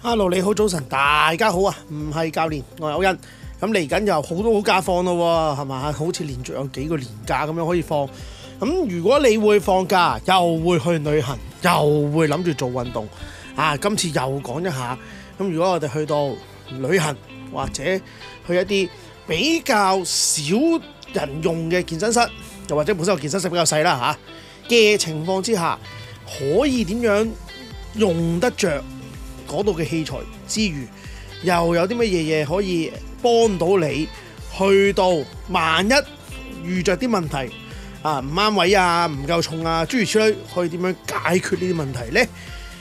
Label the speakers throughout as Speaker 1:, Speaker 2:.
Speaker 1: Hello，你好，早晨，大家好啊！唔係教練，我係 Owen。咁嚟緊又好多好假放咯，係咪？好似連續有幾個年假咁樣可以放。咁如果你會放假，又會去旅行，又會諗住做運動，啊！今次又講一下。咁如果我哋去到旅行或者去一啲比較少人用嘅健身室，又或者本身個健身室比較細啦，吓、啊、嘅情況之下，可以點樣用得着？嗰度嘅器材之餘，又有啲乜嘢嘢可以幫到你？去到萬一遇着啲問題啊，唔啱位啊，唔夠重啊，諸如此類，可以點樣解決呢啲問題咧？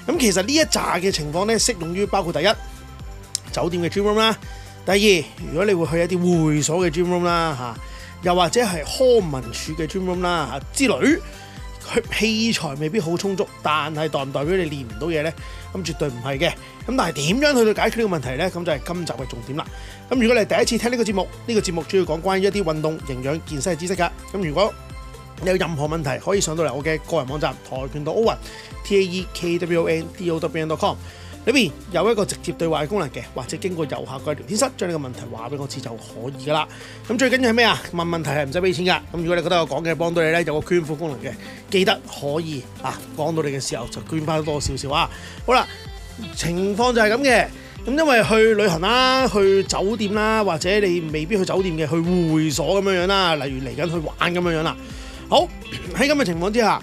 Speaker 1: 咁其實呢一紮嘅情況咧，適用於包括第一酒店嘅 gym room 啦，第二如果你會去一啲會所嘅 gym room 啦嚇、啊，又或者係康文署嘅 gym room 啦嚇之類。器材未必好充足，但係代唔代表你練唔到嘢呢？咁絕對唔係嘅。咁但係點樣去到解決呢個問題呢？咁就係今集嘅重點啦。咁如果你第一次聽呢個節目，呢個節目主要講關於一啲運動營養健身嘅知識㗎。咁如果你有任何問題，可以上到嚟我嘅個人網站跆拳道歐雲，T A E K W O N D O W E N dot com。裏邊有一個直接對話嘅功能嘅，或者經過遊客嘅聊天室將呢個問題話俾我知就可以噶啦。咁最緊要係咩啊？問問題係唔使俾錢噶。咁如果你覺得我講嘅幫到你咧，有個捐款功能嘅，記得可以啊。講到你嘅時候就捐翻多少少啊。好啦，情況就係咁嘅。咁因為去旅行啦，去酒店啦，或者你未必去酒店嘅，去會所咁樣樣啦，例如嚟緊去玩咁樣樣啦。好，喺咁嘅情況之下，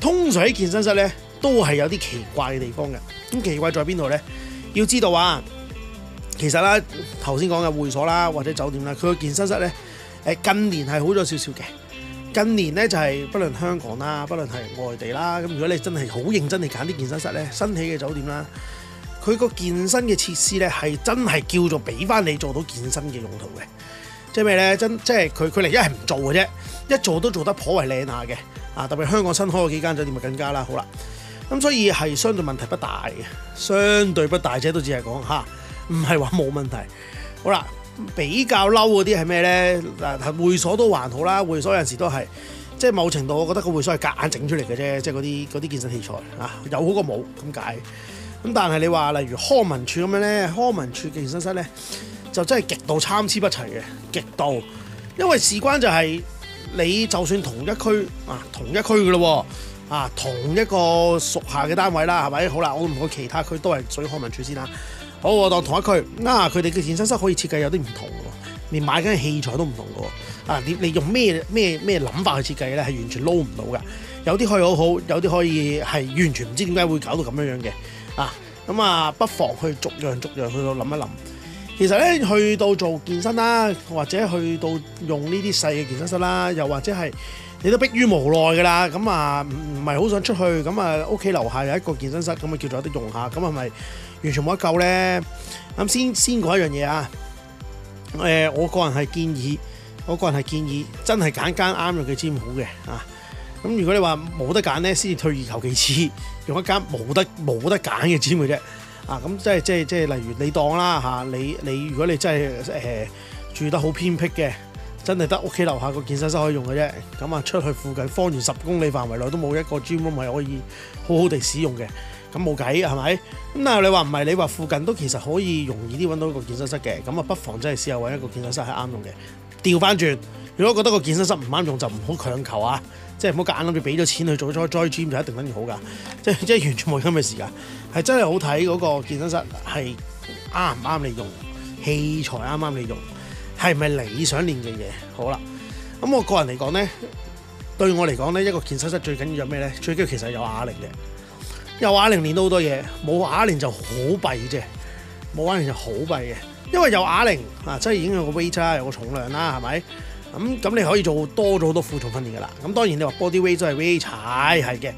Speaker 1: 通常喺健身室咧。都係有啲奇怪嘅地方嘅，咁奇怪在邊度呢？要知道啊，其實啦、啊，頭先講嘅會所啦，或者酒店啦，佢個健身室呢，誒近年係好咗少少嘅。近年呢，就係、是、不論香港啦，不論係外地啦，咁如果你真係好認真地揀啲健身室呢，新起嘅酒店啦，佢個健身嘅設施呢，係真係叫做俾翻你做到健身嘅用途嘅。即係咩呢？真即係佢佢嚟一係唔做嘅啫，一做都做得頗為靚下嘅。啊，特別香港新開嘅幾間酒店咪更加啦，好啦。咁所以係相對問題不大嘅，相對不大啫，都只係講吓，唔係話冇問題。好啦，比較嬲嗰啲係咩咧？嗱，會所都還好啦，會所有陣時都係，即係某程度我覺得個會所係夾硬整出嚟嘅啫，即係嗰啲嗰啲健身器材吓，有好過冇咁解。咁但係你話例如康文署咁樣咧，康文署嘅健身室咧，就真係極度參差不齊嘅，極度，因為事關就係你就算同一區啊同一區噶咯。啊，同一個屬下嘅單位啦，係咪？好啦，我唔講其他區，都係屬於康文署先啦。好，我當同一區。啊，佢哋嘅健身室可以設計有啲唔同嘅，連買緊器材都唔同嘅。啊，你你用咩咩咩諗法去設計咧？係完全撈唔到嘅。有啲可以好好，有啲可以係完全唔知點解會搞到咁樣樣嘅。啊，咁啊，不妨去逐樣逐樣去到諗一諗。其實咧，去到做健身啦，或者去到用呢啲細嘅健身室啦，又或者係。你都迫於無奈㗎啦，咁啊唔唔係好想出去，咁啊屋企樓下有一個健身室，咁啊叫做有得用下，咁係咪完全冇得救咧？咁先先講一樣嘢啊，誒，我個人係建議，我個人係建議，真係揀間啱用嘅 gym 好嘅啊。咁如果你話冇得揀咧，先退而求其次，用一間冇得冇得揀嘅 gym 嘅啫。啊，咁即係即係即係例如你當啦嚇，你你如果你真係誒住得好偏僻嘅。真係得屋企樓下個健身室可以用嘅啫，咁啊出去附近，方圓十公里範圍內都冇一個 gymroom 係可以好好地使用嘅，咁冇計係咪？咁但係你話唔係，你話附近都其實可以容易啲揾到一個健身室嘅，咁啊不妨真係試下揾一個健身室係啱用嘅。調翻轉，如果覺得個健身室唔啱用，就唔好強求啊，即係唔好夾硬諗住俾咗錢去做咗 join gym 就一定等住好㗎，即係即係完全冇咁嘅事㗎。係真係好睇嗰個健身室係啱唔啱你用，器材啱唔啱你用。係咪你想練嘅嘢？好啦，咁我個人嚟講咧，對我嚟講咧，一個健身室最緊要有咩咧？最緊要其實有啞鈴嘅，有啞鈴練到好多嘢，冇啞鈴就好弊啫，冇啞鈴就好弊嘅，因為有啞鈴啊，即係已經有個 weight 差，有個重量啦，係咪？咁咁你可以做多咗好多負重訓練噶啦。咁當然你話 body weight 都係 weight 踩，係嘅。咁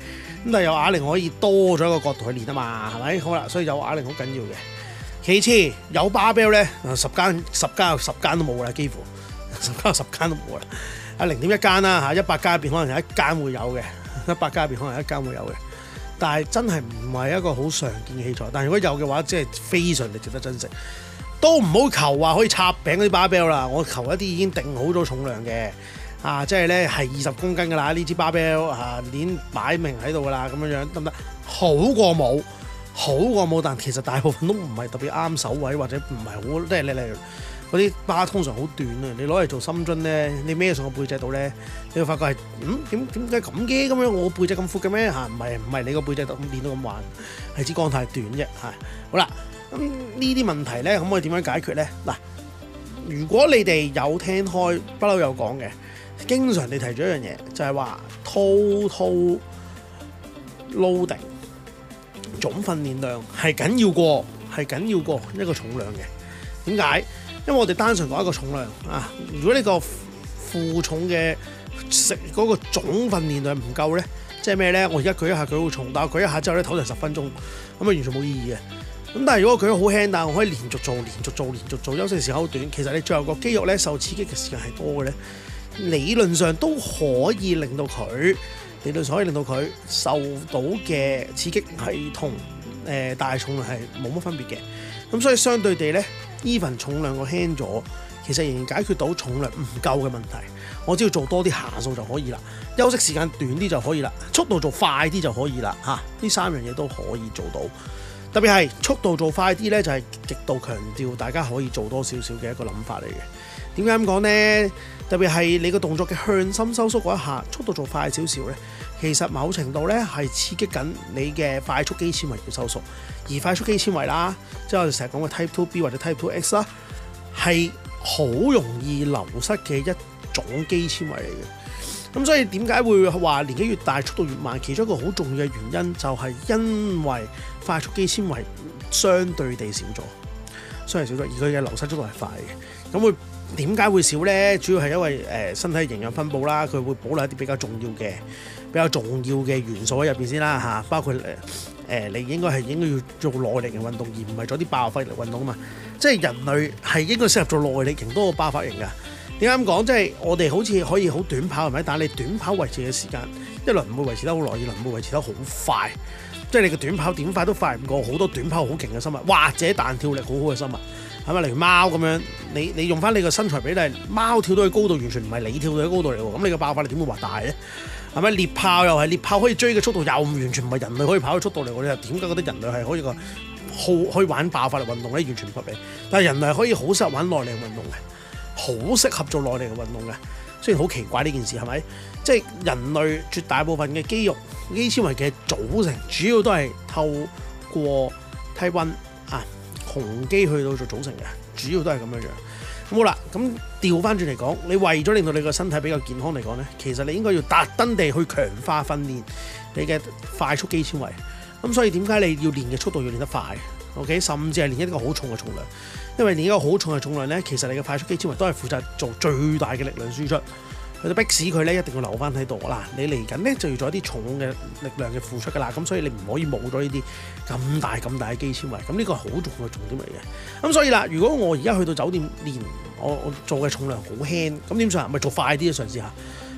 Speaker 1: 但係有啞鈴可以多咗一個角度去練啊嘛，係咪？好啦，所以有啞鈴好緊要嘅。其次，有 barbell 咧，十間十間十間都冇啦，幾乎十間十間，十間都冇啦。喺零點一間啦，嚇一百間入邊可能有一間會有嘅，一百間入邊可能有一間會有嘅。但係真係唔係一個好常見嘅器材。但係如果有嘅話，即係非常地值得珍惜。都唔好求話可以插柄嗰啲 barbell 啦，我求一啲已經定好咗重量嘅，啊，即係咧係二十公斤㗎啦。呢支 barbell 啊，已經擺明喺度㗎啦，咁樣樣得唔得？好過冇。好過冇，但其實大部分都唔係特別啱手位，或者唔係好，都係咧咧嗰啲把通常好短啊！你攞嚟做深樽咧，你孭上個背脊度咧，你會發覺係，嗯，點點解咁嘅咁樣？我背脊咁闊嘅咩嚇？唔係，唔係你個背脊度面都咁橫，係支槓太短啫嚇。好啦，咁呢啲問題咧，可以點樣解決咧？嗱，如果你哋有聽開不嬲有講嘅，經常你提咗一樣嘢，就係話 total loading。總訓練量係緊要過，係緊要過一個重量嘅。點解？因為我哋單純講一個重量啊，如果你個負重嘅食嗰個總訓練量唔夠呢，即係咩呢？我而家舉一下佢好重，但係舉一下之後呢，唞成十分鐘，咁啊完全冇意義嘅。咁但係如果佢好輕，但係我可以連續做、連續做、連續做，休息時間好短，其實你最後個肌肉呢，受刺激嘅時間係多嘅呢，理論上都可以令到佢。理論上可以令到佢受到嘅刺激係同、呃、大重量係冇乜分別嘅，咁所以相對地呢，依份重量我輕咗，其實仍然解決到重量唔夠嘅問題。我只要做多啲下數就可以啦，休息時間短啲就可以啦，速度做快啲就可以啦，嚇、啊，呢三樣嘢都可以做到。特別係速度做快啲呢，就係、是、極度強調大家可以做多少少嘅一個諗法嚟嘅。點解咁講呢？特別係你個動作嘅向心收縮嗰一下，速度做快少少呢，其實某程度呢，係刺激緊你嘅快速肌纖維要收縮，而快速肌纖維啦，即係我哋成日講嘅 Type Two B 或者 Type Two X 啦，係好容易流失嘅一種肌纖維嚟嘅。咁所以點解會話年紀越大速度越慢？其中一個好重要嘅原因就係因為快速肌纖維相對地所以少咗，相對少咗，而佢嘅流失速度係快嘅，咁會。點解會少咧？主要係因為誒身體營養分佈啦，佢會保留一啲比較重要嘅、比較重要嘅元素喺入邊先啦嚇。包括誒、呃、你應該係應該要做耐力嘅運動，而唔係做啲爆發力運動啊嘛。即係人類係應該適合做耐力型多過爆發型噶。點解咁講？即係我哋好似可以好短跑係咪？但係你短跑維持嘅時間一輪唔會維持得好耐，二輪唔會維持得好快。即係你嘅短跑點快都快唔過好多短跑好勁嘅生物，或者彈跳力好好嘅生物。係咪？例如貓咁樣，你你用翻你個身材比例，貓跳到嘅高度完全唔係你跳到嘅高度嚟喎。咁你個爆發力點會話大咧？係咪？獵豹又係，獵豹可以追嘅速度又唔完全唔係人類可以跑嘅速度嚟。我哋又點解覺得人類係可以個好可以玩爆發力運動咧？完全唔合理。但係人類可以好適合玩耐力運動嘅，好適合做耐力嘅運動嘅。雖然好奇怪呢件事係咪？即係、就是、人類絕大部分嘅肌肉、肌纖維嘅組成，主要都係透過體温。紅肌去到做組成嘅，主要都係咁樣樣，咁好啦。咁調返轉嚟講，你為咗令到你個身體比較健康嚟講呢，其實你應該要特登地去強化訓練你嘅快速肌纖維。咁所以點解你要練嘅速度要練得快？OK，甚至係練一個好重嘅重量，因為練一個好重嘅重量呢，其實你嘅快速肌纖維都係負責做最大嘅力量輸出。去到逼死佢咧，一定要留翻喺度啊！你嚟緊咧就要做一啲重嘅力量嘅付出噶啦，咁所以你唔可以冇咗呢啲咁大咁大嘅肌纖維。咁呢個係好重嘅重點嚟嘅。咁所以啦，如果我而家去到酒店練我我做嘅重量好輕，咁點算啊？咪做快啲啊嘗試下，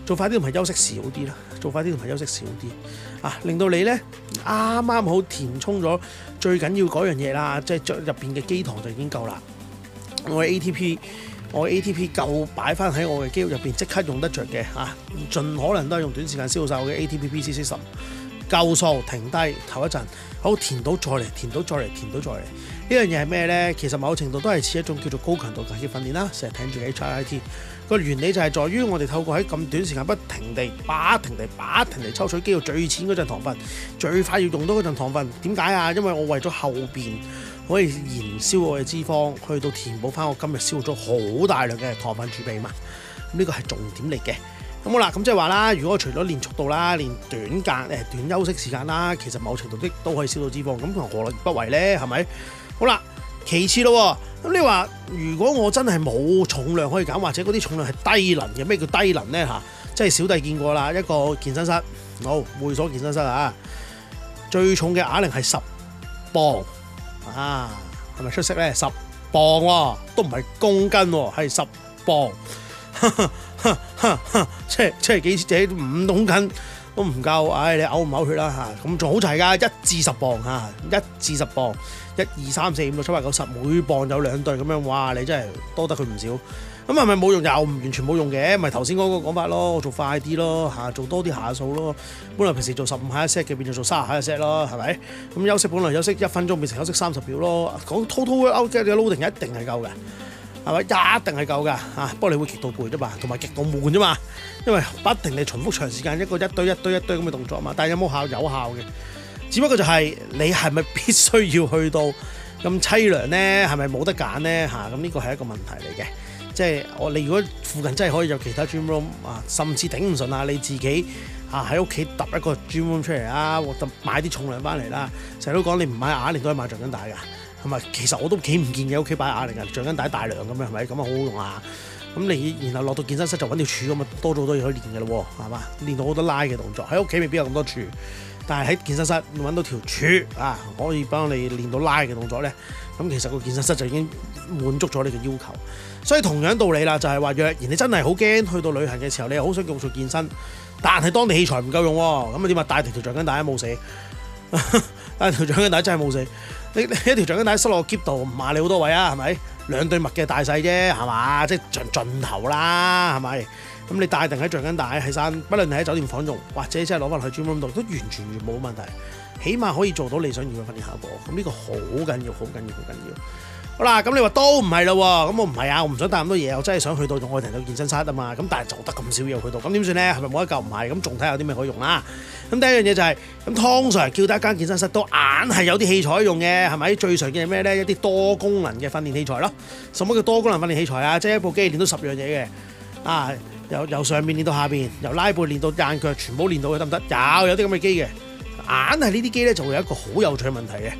Speaker 1: 做快啲同埋休息少啲啦，做快啲同埋休息少啲啊，令到你咧啱啱好填充咗最緊要嗰樣嘢啦，即係著入邊嘅肌糖就已經夠啦。我的 ATP。我 ATP 夠擺翻喺我嘅肌肉入面，即刻用得着嘅、啊、盡可能都係用短時間消耗曬我嘅 ATP PC system 夠數，停低，唞一陣，好填到再嚟，填到再嚟，填到再嚟。呢樣嘢係咩呢？其實某程度都係似一種叫做高強度間歇訓練啦，成日挺住嘅 HIT。個原理就係在於我哋透過喺咁短時間不停地、不停地、不停地抽取肌肉最淺嗰陣糖分，最快要用到嗰陣糖分。點解啊？因為我為咗後面。可以燃燒我嘅脂肪，去到填補翻我今日消耗咗好大量嘅糖分儲備嘛？呢個係重點嚟嘅。咁好啦，咁即係話啦，如果除咗練速度啦，練短間誒短休息時間啦，其實某程度的都可以消到脂肪，咁何樂而不為咧？係咪？好啦，其次咯，咁你話，如果我真係冇重量可以減，或者嗰啲重量係低能嘅，咩叫低能咧？吓、啊，即係小弟見過啦，一個健身室，好，會所健身室啊，最重嘅啞鈴係十磅。啊，係咪出色咧？十磅喎，啊，都唔係公斤喎，啊，係十磅，哈哈哈哈哈哈，即係即係幾隻五公斤都唔夠，唉、哎，你嘔唔嘔血啦，啊、吓？咁仲好齊噶，一至十磅吓，一至十磅，一磅一二三四五六七八九十，每磅有兩對咁樣，哇，你真係多得佢唔少。咁係咪冇用？又唔完全冇用嘅，咪頭先嗰個講法咯。我做快啲咯，嚇做多啲下數咯。本來平時做十五下 set 嘅，變咗做卅下一 set 咯，係咪？咁休息本來休息一分鐘，變成休息三十秒咯。講滔滔嘅 out 嘅 load 定一定係夠嘅，係咪？一定係夠㗎嚇。不過你會極度攰啫嘛，同埋極度悶啫嘛。因為不停你重複長時間一個一堆一堆一堆咁嘅動作啊嘛，但係有冇效？有效嘅，只不過就係你係咪必須要去到咁淒涼咧？係咪冇得揀咧？嚇咁呢個係一個問題嚟嘅。即係我你如果附近真係可以有其他 gym room 啊，甚至頂唔順啊，你自己啊喺屋企揼一個 gym room 出嚟啦，或者買啲重量翻嚟啦。成日都講你唔買啞鈴都係買橡筋帶㗎，係咪？其實我都幾唔見嘅，屋企擺啞鈴嘅，橡筋帶大量咁樣係咪？咁啊好好用下，啊。咁你然後落到健身室就揾條柱咁啊，多咗好多嘢可以練嘅咯，係嘛？練到好多拉嘅動作，喺屋企未必有咁多柱，但係喺健身室揾到條柱啊，可以幫你練到拉嘅動作咧。咁其實個健身室就已經滿足咗你嘅要求，所以同樣道理啦，就係話，若然你真係好驚去到旅行嘅時候，你又好想用做，做健身，但係當地器材唔夠用，咁你點啊？帶條橡筋帶都冇事， 帶條橡筋帶真係冇事。你一條橡筋帶塞落喼度，唔埋你好多位啊，係咪？兩對襪嘅大細啫，係嘛？即係盡盡頭啦，係咪？咁你帶定喺橡筋帶喺山，不論你喺酒店房用，或者真係攞翻去 gym 度，都完全冇問題。起碼可以做到你想要嘅訓練效果，咁呢個好緊要，好緊要，好緊要。好啦，咁你話都唔係啦，咁我唔係啊，我唔想帶咁多嘢，我真係想去到用，去到健身室啊嘛。咁但係就得咁少嘢去到，咁點算咧？係咪冇一嚿唔係？咁仲睇下有啲咩可以用啦？咁第一樣嘢就係咁，通常叫得一間健身室都硬係有啲器材用嘅，係咪？最常見係咩咧？一啲多功能嘅訓練器材咯。什麼叫多功能訓練器材啊？即係一部機練到十樣嘢嘅。啊，由由上面練到下邊，由拉背練到硬腳，全部練到佢得唔得？有有啲咁嘅機嘅。硬係呢啲機咧，就會有一個好有趣嘅問題嘅，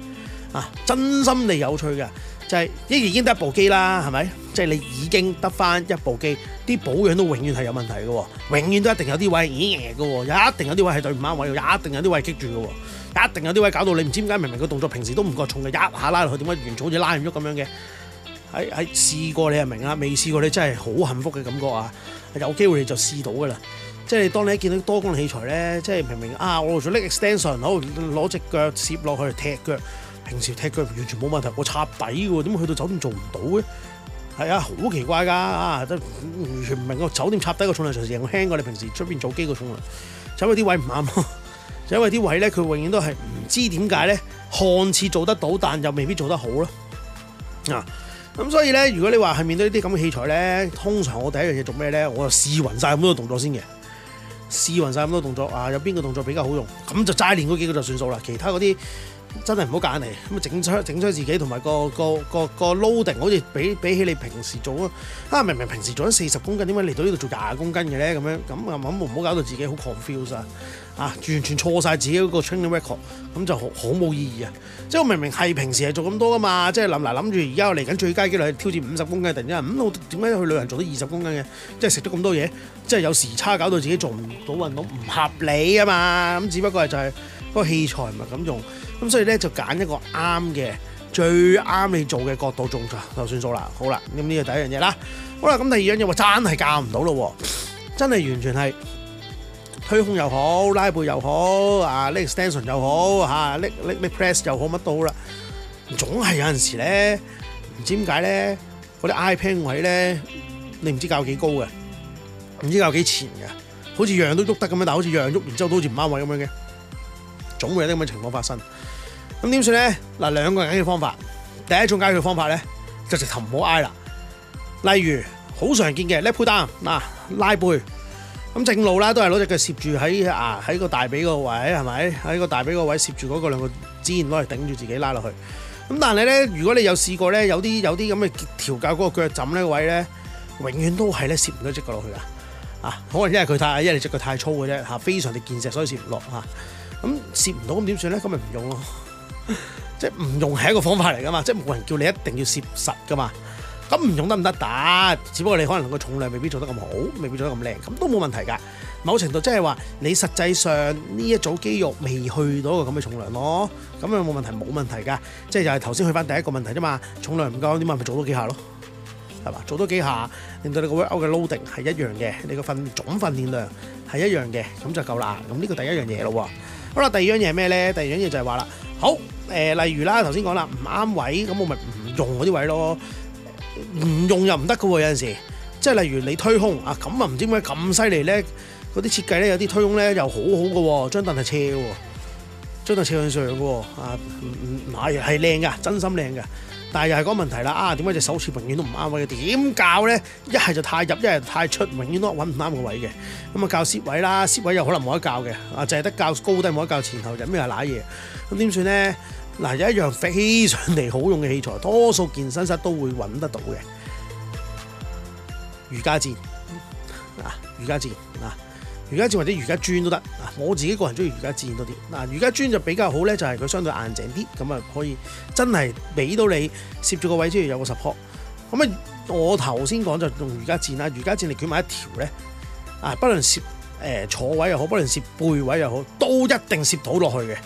Speaker 1: 啊，真心地有趣嘅，就係，因為已經得一部機啦，係咪？即係你已經得返一部機，啲保養都永遠係有問題嘅喎，永遠都一定有啲位，咦嘅喎，有一定有啲位係對唔啱位，一定有啲位積住嘅喎，一定有啲位搞到你唔知點解，明明個動作平時都唔覺重嘅，一下拉落去點解完全好似拉唔喐咁樣嘅？喺，喺，試過你又明啦，未試過你真係好幸福嘅感覺啊！有機會你就試到噶啦～即係當你一見到多功能器材咧，即係明明啊，我做 leg extension，好攞隻腳攝落去踢腳，平時踢腳完全冇問題，我插底嘅喎，點去到酒店做唔到嘅？係、哎、啊，好奇怪㗎啊，完全唔明個酒店插底個重量，隨時輕過你平時出邊做機個重量。因為啲位唔啱，因為啲位咧，佢永遠都係唔知點解咧，看似做得到，但又未必做得好咯。嗱、啊，咁所以咧，如果你話係面對呢啲咁嘅器材咧，通常我第一樣嘢做咩咧，我就試勻晒咁多動作先嘅。試勻晒咁多動作啊，有邊個動作比較好用？咁就齋練嗰幾個就算數啦。其他嗰啲真係唔好揀嚟。咁啊整出整出自己同埋個個個個 loading，好似比比起你平時做啊，啊明明平時做咗四十公斤，點解嚟到呢度做廿公斤嘅咧？咁樣咁啊，咁唔好搞到自己好 confuse 啊！啊！完全錯晒自己嗰個 training record，咁就好好冇意義啊！即係我明明係平時係做咁多噶嘛，即係諗嗱諗住而家我嚟緊最佳機率挑戰五十公斤，突然之間，咁我點解去旅行做到二十公斤嘅？即係食咗咁多嘢，即係有時差搞到自己做唔到運動，唔合理啊嘛！咁只不過係就係嗰個器材唔係咁用，咁所以咧就揀一個啱嘅、最啱你做嘅角度做就就算數啦，啦。好啦，咁呢個第一樣嘢啦。好啦，咁第二樣嘢哇真係教唔到咯，真係完全係。推胸又好，拉背又好，啊，leg extension 又好，吓，leg leg press 又好，乜都好啦。總係有陣時咧，唔知點解咧，嗰啲 pad 位咧，你唔知教幾高嘅，唔知教幾前嘅，好似樣樣都喐得咁樣，但係好似樣樣喐完之後都好似唔啱位咁樣嘅，總會有啲咁嘅情況發生。咁點算咧？嗱，兩個人嘅方法，第一種解決方法咧，就直頭唔好挨啦。例如好常見嘅 lat pulldown，嗱，拉背。咁正路啦，都係攞隻腳攝住喺，啊，喺個大髀個位係咪？喺個大髀個位攝住嗰個兩個尖攞嚟頂住自己拉落去。咁但係咧，如果你有試過咧，有啲有啲咁嘅調教嗰個腳枕呢個位咧，永遠都係咧攝唔到隻腳落去噶。啊，可能因為佢太，因為你隻腳太粗嘅啫嚇，非常之健碩，所以攝唔落嚇。咁攝唔到咁點算咧？咁咪唔用咯。 即係唔用係一個方法嚟噶嘛，即係冇人叫你一定要攝實噶嘛。咁唔用得唔得？打，只不過你可能個重量未必做得咁好，未必做得咁靚，咁都冇問題㗎。某程度即係話，你實際上呢一組肌肉未去到個咁嘅重量咯，咁就冇問題，冇問題㗎。即係就係頭先去翻第一個問題啫嘛，重量唔夠點啊？咪做多幾下咯，係嘛？做多幾下，令到你個 workout 嘅 loading 係一樣嘅，你個訓總訓練量係一樣嘅，咁就夠啦。咁呢個第一樣嘢咯。好啦，第二樣嘢係咩咧？第二樣嘢就係話啦，好、呃、例如啦，頭先講啦，唔啱位，咁我咪唔用嗰啲位咯。唔用又唔得噶喎，有陣時，即係例如你推胸，啊，咁啊唔知點解咁犀利咧？嗰啲設計咧，有啲推胸咧又好好噶喎，張凳係斜喎，張凳斜向上噶喎，啊唔唔，嗱係靚噶，真心靚噶，但係又係講問題啦，啊點解隻手掣永遠都唔啱位嘅？點教咧？一係就太入，一係太出，永遠都揾唔啱個位嘅。咁啊教蝕位啦，蝕位又可能冇得教嘅，啊淨係得教高低，冇得教前後，就咩係瀨嘢。咁點算咧？嗱，有一樣非常地好用嘅器材，多數健身室都會揾得到嘅，瑜伽墊。嗱，瑜伽墊，嗱，瑜伽墊或者瑜伽磚都得。嗱，我自己個人中意瑜伽墊多啲。嗱，瑜伽磚就比較好咧，就係、是、佢相對硬淨啲，咁啊可以真係俾到你攝住個位之餘有個 support。咁啊，我頭先講就用瑜伽墊啦，瑜伽墊你捲埋一條咧，啊，不論攝誒坐位又好，不論攝背位又好，都一定攝到落去嘅。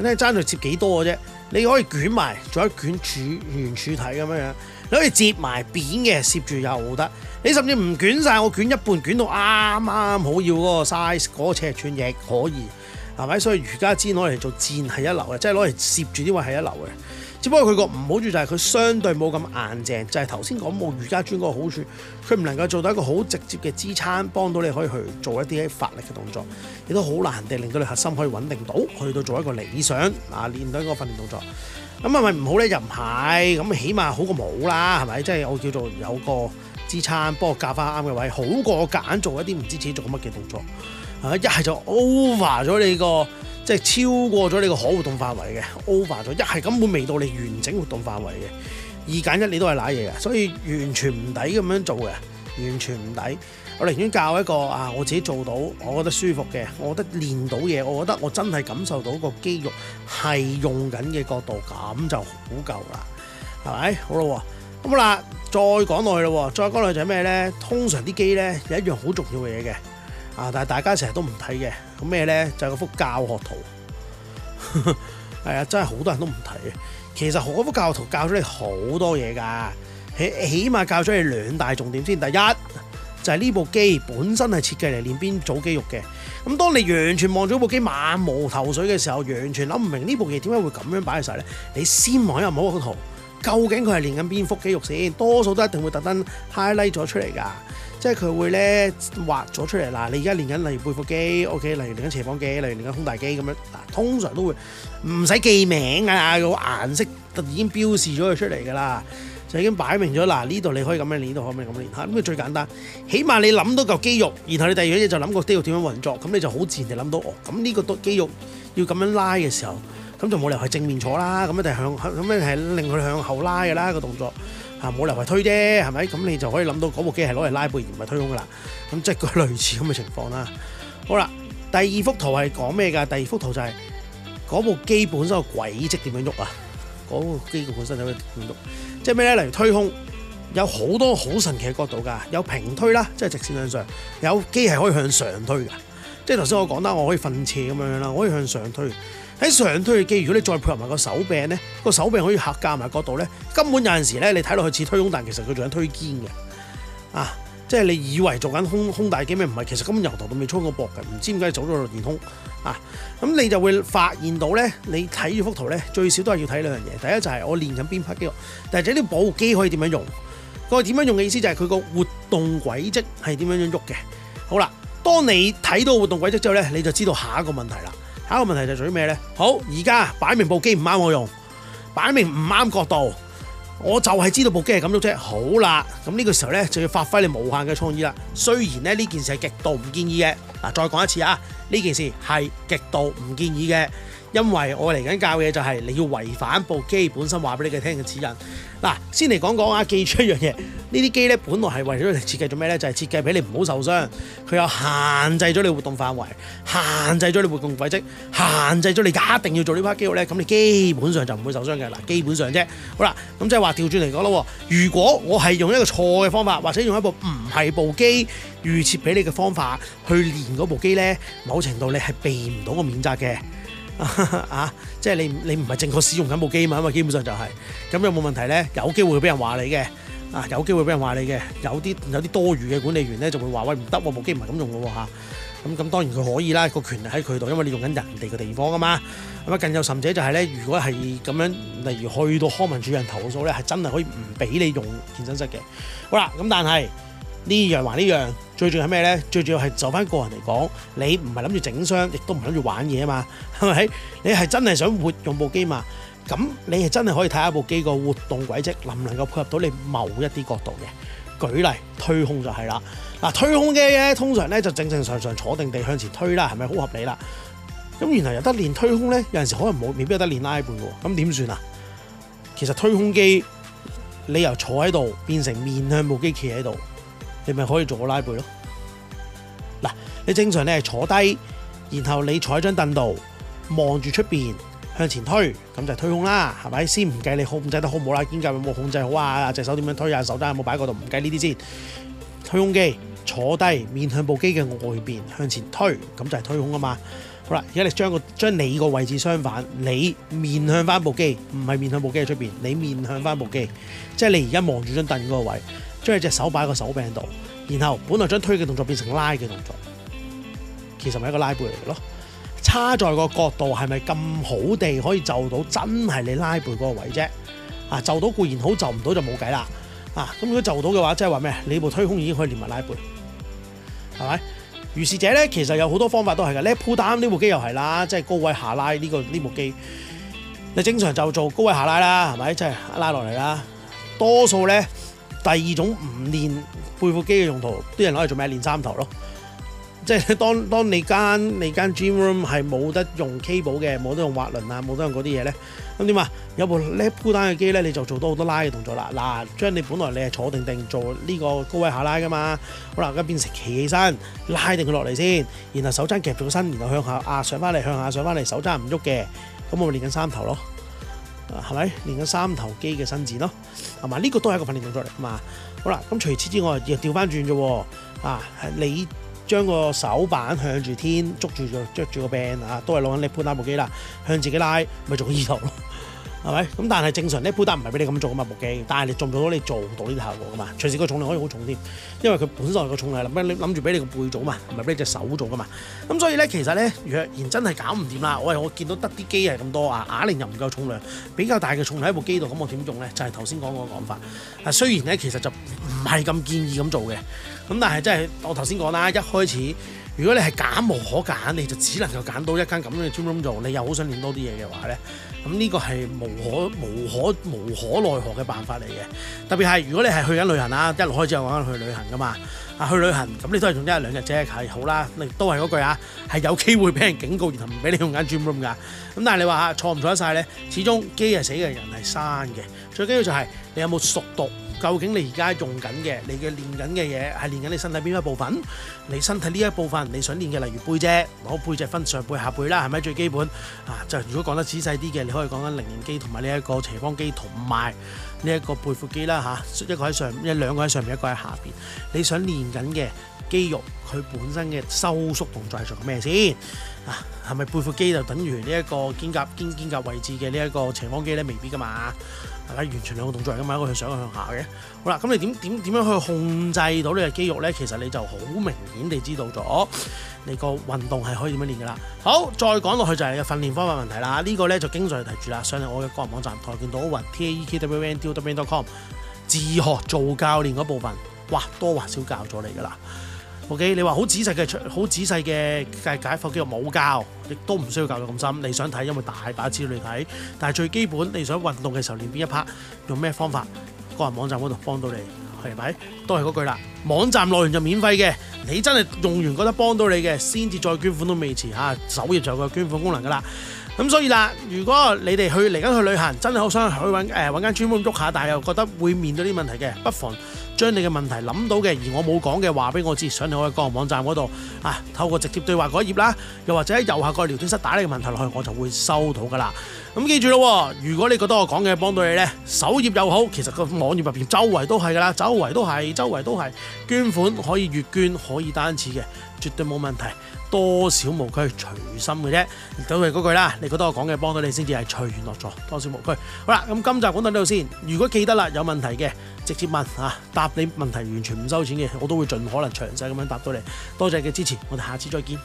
Speaker 1: 你爭住接幾多嘅啫，你可以捲埋做一卷柱圓柱體咁樣樣，你可以折埋扁嘅攝住又得，你甚至唔捲晒，我捲一半，捲到啱啱好要嗰個 size，嗰尺寸亦可以，係咪？所以瑜伽氈攞嚟做氈係一流嘅，即係攞嚟攝住啲位係一流嘅。不過佢個唔好處就係佢相對冇咁硬淨，就係頭先講冇瑜伽磚嗰個好處，佢唔能夠做到一個好直接嘅支撐，幫到你可以去做一啲喺發力嘅動作，亦都好難地令到你核心可以穩定到，去到做一個理想啊，練到一個訓練動作。咁係咪唔好咧？又唔係，咁起碼好過冇啦，係咪？即係我叫做有個支撐，幫我架翻啱嘅位，好過夾硬做一啲唔知自己做乜嘅動作。啊，一係就 over 咗你個。即係超過咗你個可活動範圍嘅，over 咗一係根本未到你完整活動範圍嘅，二揀一你都係揦嘢嘅，所以完全唔抵咁樣做嘅，完全唔抵。我寧願教一個啊，我自己做到，我覺得舒服嘅，我覺得練到嘢，我覺得我真係感受到個肌肉係用緊嘅角度，咁就好夠啦，係咪？好啦、哦，咁好啦，再講耐咯，再講耐就係咩咧？通常啲機咧有一樣好重要嘅嘢嘅。啊！但係大家成日都唔睇嘅，咁咩咧？就係、是、嗰幅教學圖，係啊，真係好多人都唔睇嘅。其實嗰幅教學圖教咗你好多嘢㗎，起起碼教咗你兩大重點先。第一就係、是、呢部機本身係設計嚟練邊組肌肉嘅。咁當你完全望咗部機，馬無頭水嘅時候，完全諗唔明呢部機點解會咁樣擺曬咧？你先望一望入面嗰幅圖，究竟佢係練緊邊幅肌肉先？多數都一定會特登 highlight 咗出嚟㗎。即係佢會咧畫咗出嚟，嗱，你而家練緊例如背腹肌，OK，例如練緊斜方肌，例如練緊胸大肌咁樣，嗱，通常都會唔使記名啊，個顏色特已經標示咗佢出嚟㗎啦，就已經擺明咗，嗱，呢度你可以咁樣練，度可唔可以咁樣練嚇，咁佢最簡單，起碼你諗到嚿肌肉，然後你第二樣嘢就諗個肌肉點樣運作，咁你就好自然就諗到哦，咁呢個肌肉要咁樣拉嘅時候，咁就冇理由係正面坐啦，咁一定向向咁樣係令佢向後拉㗎啦，個動作。嚇冇理由係推啫，係咪？咁你就可以諗到嗰部機係攞嚟拉背而唔係推胸噶啦。咁即係個類似咁嘅情況啦。好啦，第二幅圖係講咩㗎？第二幅圖就係：嗰部機本身個軌跡點樣喐啊？嗰部機個本身點樣喐？即係咩咧？例如推胸，有好多好神奇嘅角度㗎，有平推啦，即係直線向上；有機係可以向上推㗎，即係頭先我講啦，我可以瞓斜咁樣啦，我可以向上推。喺上推嘅機，如果你再配合埋個手柄咧，個手柄可以嚇架埋角度咧，根本有陣時咧，你睇落去似推胸但其實佢做緊推肩嘅，啊，即係你以為做緊胸胸大肌咩？唔係，其實根本由頭到尾都未操過膊嘅，唔知點解走咗落練胸啊，咁你就會發現到咧，你睇住幅圖咧，最少都係要睇兩樣嘢，第一就係我練緊邊批肌肉，第二就係呢部機可以點樣用，個點樣用嘅意思就係佢個活動軌跡係點樣樣喐嘅。好啦，當你睇到活動軌跡之後咧，你就知道下一個問題啦。下一個問題就係做啲咩呢？好，而家擺明部機唔啱我用，擺明唔啱角度，我就係知道部機係咁樣啫。好啦，咁呢個時候呢，就要發揮你無限嘅創意啦。雖然呢呢件事係極度唔建議嘅，嗱，再講一次啊，呢件事係極度唔建議嘅。因為我嚟緊教嘅嘢就係你要違反部機本身話俾你嘅聽嘅指引。嗱，先嚟講講啊，記住一樣嘢，呢啲機呢，本來係為咗你設計做咩呢？就係、是、設計俾你唔好受傷。佢有限制咗你活動範圍，限制咗你活動軌跡，限制咗你一定要做呢 part 肌肉呢。咁你基本上就唔會受傷嘅。嗱，基本上啫。好啦，咁即係話調轉嚟講咯。如果我係用一個錯嘅方法，或者用一部唔係部機預設俾你嘅方法去練嗰部機呢，某程度你係避唔到個免責嘅。 啊！即係你你唔係正確使用緊部機嘛，因為基本上就係。咁有冇問題咧？有機會俾人話你嘅，啊有機會俾人話你嘅，有啲有啲多餘嘅管理員咧就會話喂唔得，部機唔係咁用嘅吓。咁咁當然佢可以啦，個權力喺佢度，因為你用緊人哋嘅地方啊嘛。咁啊更有甚者就係咧，如果係咁樣，例如去到康文主任投訴咧，係真係可以唔俾你用健身室嘅。好啦，咁但係。呢樣還呢樣，最重要係咩呢？最重要係就翻個人嚟講，你唔係諗住整傷，亦都唔係諗住玩嘢啊嘛，係咪？你係真係想活用部機嘛？咁你係真係可以睇下部機個活動軌跡，能唔能夠配合到你某一啲角度嘅？舉例推胸就係啦，嗱推胸機呢，通常呢就正正常常坐定地向前推啦，係咪好合理啦？咁然後有得練推胸呢，有陣時可能冇，未必有得練拉背喎，咁點算啊？其實推胸機，你由坐喺度變成面向部機企喺度。你咪可以做個拉背咯。嗱，你正常你係坐低，然後你坐喺張凳度，望住出邊向前推，咁就係推胸啦，係咪？先唔計你控制得好唔好啦，肩胛有冇控制好啊？隻手點樣推啊？手踭有冇擺喺嗰度？唔計呢啲先。推胸機坐低，面向部機嘅外邊向前推，咁就係推胸啊嘛。好啦，而家你將個將你個位置相反，你面向翻部機，唔係面向部機嘅出邊，你面向翻部機，即係你而家望住張凳嗰個位。將一隻手擺喺個手柄度，然後本來將推嘅動作變成拉嘅動作，其實咪一個拉背嚟嘅咯。差在個角度係咪咁好地可以就到真係你拉背嗰個位啫。啊，就到固然好，就唔到就冇計啦。啊，咁如果就到嘅話，即係話咩？你部推胸已經可以練埋拉背，係咪？如是者咧，其實有好多方法都係嘅。你 pull down 呢部機又係啦，即係高位下拉呢個呢部機，你正常就做高位下拉啦，係咪？即係拉落嚟啦，多數咧。第二種唔練背腹肌嘅用途，啲人攞嚟做咩？練三頭咯。即係當當你間你間 gym room 係冇得用 cable 嘅，冇得用滑輪啊，冇得用嗰啲嘢咧，咁點啊？有一部 lat pull down 嘅機咧，你就做到好多拉嘅動作啦。嗱，將你本來你係坐定定做呢個高位下拉噶嘛，好啦，咁變成企起身拉定佢落嚟先，然後手踭夾住個身，然後向下壓上翻嚟，向下壓上翻嚟，手踭唔喐嘅，咁我咪練緊三頭咯。係咪練緊三頭肌嘅伸展咯，同埋呢個都係一個訓練動作嚟嘛，嗯。好啦，咁、嗯、除此之外，又調翻轉啫喎。啊，你將個手板向住天，捉住著住個 band 啊，都係攞緊你 pull down 部機啦，向自己拉，咪做二頭咯。係咪咁？但係正常呢，配搭唔係俾你咁做噶嘛，部機。但係你做唔做，做到你做到呢啲效果噶嘛？隨時個重量可以好重添，因為佢本身都係個重量啦。想你諗住俾你個背做嘛？唔係俾你隻手做噶嘛？咁所以咧，其實咧，若然真係搞唔掂啦，喂，我見到得啲機係咁多啊，啞鈴又唔夠重量，比較大嘅重量喺部機度，咁我點用咧？就係頭先講個講法。啊，雖然咧，其實就唔係咁建議咁做嘅，咁但係真係我頭先講啦，一開始。如果你係揀無可揀，你就只能夠揀到一間咁樣嘅 gym room 做，你又好想練多啲嘢嘅話咧，咁呢個係無可無可無可奈何嘅辦法嚟嘅。特別係如果你係去緊旅行啦，一路開始後講去旅行噶嘛，啊去旅行咁你都係用一日兩日啫，係好啦，你都係嗰句啊，係有機會俾人警告，然後唔俾你用緊 gym room 㗎。咁但係你話嚇錯唔錯得晒咧，始終機係死嘅，人係生嘅，最緊要就係、是、你有冇熟讀。究竟你而家用緊嘅，你嘅練緊嘅嘢，係練緊你身體邊一部分？你身體呢一部分你想練嘅，例如背啫，攞背脊分上背下背啦，係咪最基本？啊，就如果講得仔細啲嘅，你可以講緊菱形肌同埋呢一個斜方肌，同埋呢一個背闊肌啦，吓、啊，一個喺上，一兩個喺上面，一個喺下邊。你想練緊嘅肌肉，佢本身嘅收縮動作係做咩先？係咪背闊肌就等於呢一個肩胛肩肩胛位置嘅呢一個斜方肌咧？未必噶嘛，大家完全兩個動作嚟噶嘛，一個向上，一個向下嘅。好啦，咁你點點點樣去控制到你嘅肌肉咧？其實你就好明顯地知道咗，你個運動係可以點樣練噶啦。好，再講落去就係你嘅訓練方法問題啦。呢個咧就經常提住啦，上我嘅個人網站跆拳道雲 taekwondowen.com，e 自學做教練嗰部分，或多或少教咗你噶啦。OK，你話好仔細嘅出，好仔細嘅解解剖肌肉冇教，亦都唔需要教到咁深。你想睇，因為大把資料你睇。但係最基本，你想運動嘅時候練邊一 part，用咩方法？個人網站嗰度幫到你係咪？都係嗰句啦。網站內容就免費嘅。你真係用完覺得幫到你嘅，先至再捐款都未遲嚇。首頁就有個捐款功能㗎喇。咁所以啦，如果你哋去嚟緊去旅行，真係好想去揾誒揾間專門咁喐下，但係又覺得會面對啲問題嘅，不妨～將你嘅問題諗到嘅，而我冇講嘅話俾我知，上你我嘅官網站嗰度啊，透過直接對話嗰一頁啦，又或者喺右下角聊天室打你嘅問題落去，我就會收到噶啦。咁記住咯，如果你覺得我講嘅幫到你呢，首頁又好，其實個網頁入邊周圍都係噶啦，周圍都係，周圍都係，捐款可以月捐，可以單次嘅，絕對冇問題。多少無拘隨心嘅啫，講佢嗰句啦，你覺得我講嘅幫到你先至係隨緣樂助，多少無拘。好啦，咁今集講到呢度先。如果記得啦，有問題嘅直接問啊，答你問題完全唔收錢嘅，我都會盡可能詳細咁樣答到你。多謝你嘅支持，我哋下次再見。